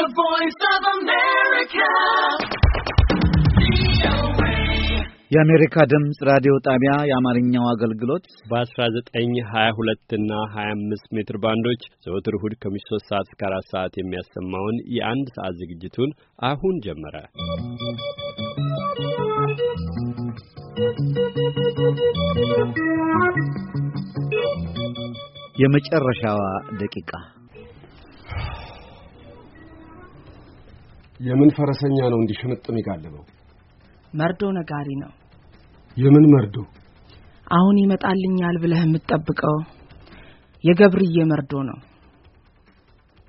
The Voice of America. የአሜሪካ ድምፅ ራዲዮ ጣቢያ የአማርኛው አገልግሎት በ1922 እና 25 ሜትር ባንዶች ዘወትር እሁድ ከምሽቱ 3 ሰዓት እስከ 4 ሰዓት የሚያሰማውን የአንድ ሰዓት ዝግጅቱን አሁን ጀመረ። የመጨረሻዋ ደቂቃ የምን ፈረሰኛ ነው እንዲሽምጥም የጋለበው? መርዶ ነጋሪ ነው። የምን መርዶ? አሁን ይመጣልኛል ብለህ የምትጠብቀው የገብርዬ መርዶ ነው።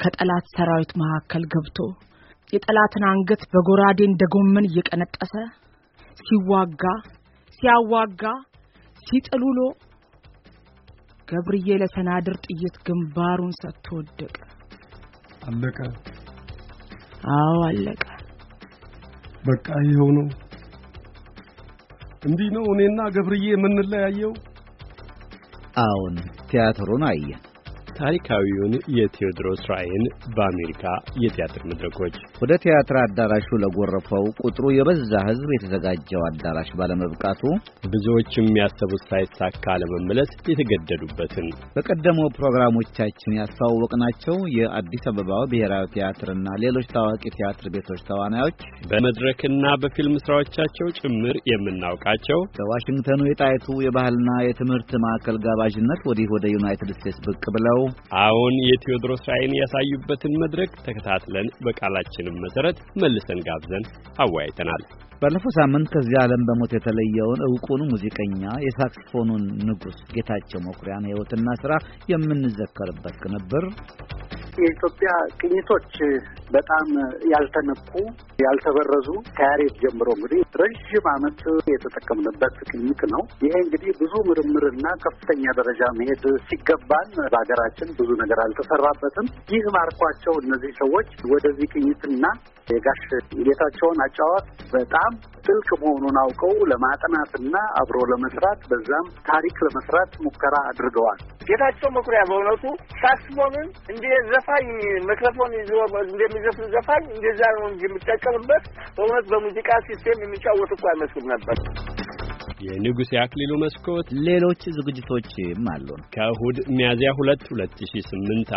ከጠላት ሰራዊት መካከል ገብቶ የጠላትን አንገት በጎራዴ እንደ ጎመን እየቀነጠሰ ሲዋጋ ሲያዋጋ ሲጥሉሎ ገብርዬ ለሰናድር ጥይት ግንባሩን ሰጥቶ ወደቀ። አለቀ። አዎ አለቀ። በቃ ይኸው ነው። እንዲህ ነው እኔና ገብርዬ የምንለያየው። አዎን ቲያትሩን አየን። ታሪካዊውን የቴዎድሮስ ራእይን በአሜሪካ የቲያትር መድረኮች ወደ ቲያትር አዳራሹ ለጎረፈው ቁጥሩ የበዛ ሕዝብ የተዘጋጀው አዳራሽ ባለመብቃቱ ብዙዎችም ያሰቡት ሳይሳካ ለመመለስ የተገደዱበትን በቀደሞ ፕሮግራሞቻችን ያስተዋወቅናቸው የአዲስ አበባው ብሔራዊ ቲያትርና ሌሎች ታዋቂ ቲያትር ቤቶች ተዋናዮች በመድረክና በፊልም ስራዎቻቸው ጭምር የምናውቃቸው በዋሽንግተኑ የጣይቱ የባህልና የትምህርት ማዕከል ጋባዥነት ወዲህ ወደ ዩናይትድ ስቴትስ ብቅ ብለው አሁን የቴዎድሮስ ራዕይን ያሳዩበትን መድረክ ተከታትለን በቃላችንም መሰረት መልሰን ጋብዘን አወያይተናል። ባለፈው ሳምንት ከዚህ ዓለም በሞት የተለየውን እውቁን ሙዚቀኛ የሳክስፎኑን ንጉሥ ጌታቸው መኩሪያን ሕይወትና ሥራ የምንዘከርበት ቅንብር የኢትዮጵያ ቅኝቶች በጣም ያልተነኩ ያልተበረዙ ከያሬት ጀምሮ እንግዲህ ረዥም ዓመት የተጠቀምንበት ቅኝት ነው። ይሄ እንግዲህ ብዙ ምርምርና ከፍተኛ ደረጃ መሄድ ሲገባን በሀገራችን ብዙ ነገር አልተሰራበትም። ይህ ማርኳቸው እነዚህ ሰዎች ወደዚህ ቅኝትና የጋሽ ጌታቸውን አጫዋት በጣም ጥልቅ መሆኑን አውቀው ለማጥናትና አብሮ ለመስራት በዛም ታሪክ ለመስራት ሙከራ አድርገዋል። ጌታቸው መኩሪያ በእውነቱ ሳክስፎንን እንደ ዘፋኝ ማይክሮፎን ይዞ እንደሚዘፍን ዘፋኝ እንደዛ ነው እንጂ የሚጠቀምበት በእውነት በሙዚቃ ሲስቴም የሚጫወት እኮ አይመስል ነበር። የንጉሴ አክሊሉ መስኮት ሌሎች ዝግጅቶችም አሉን። ከእሁድ ሚያዝያ ሁለት ሁለት ሺ ስምንት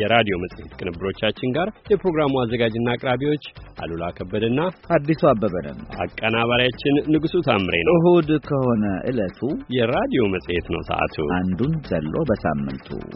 የራዲዮ መጽሔት ቅንብሮቻችን ጋር የፕሮግራሙ አዘጋጅና አቅራቢዎች አሉላ ከበደና አዲሱ አበበነን አቀናባሪያችን ንጉሱ ታምሬ ነው። እሁድ ከሆነ ዕለቱ የራዲዮ መጽሔት ነው። ሰዓቱ አንዱን ዘሎ በሳምንቱ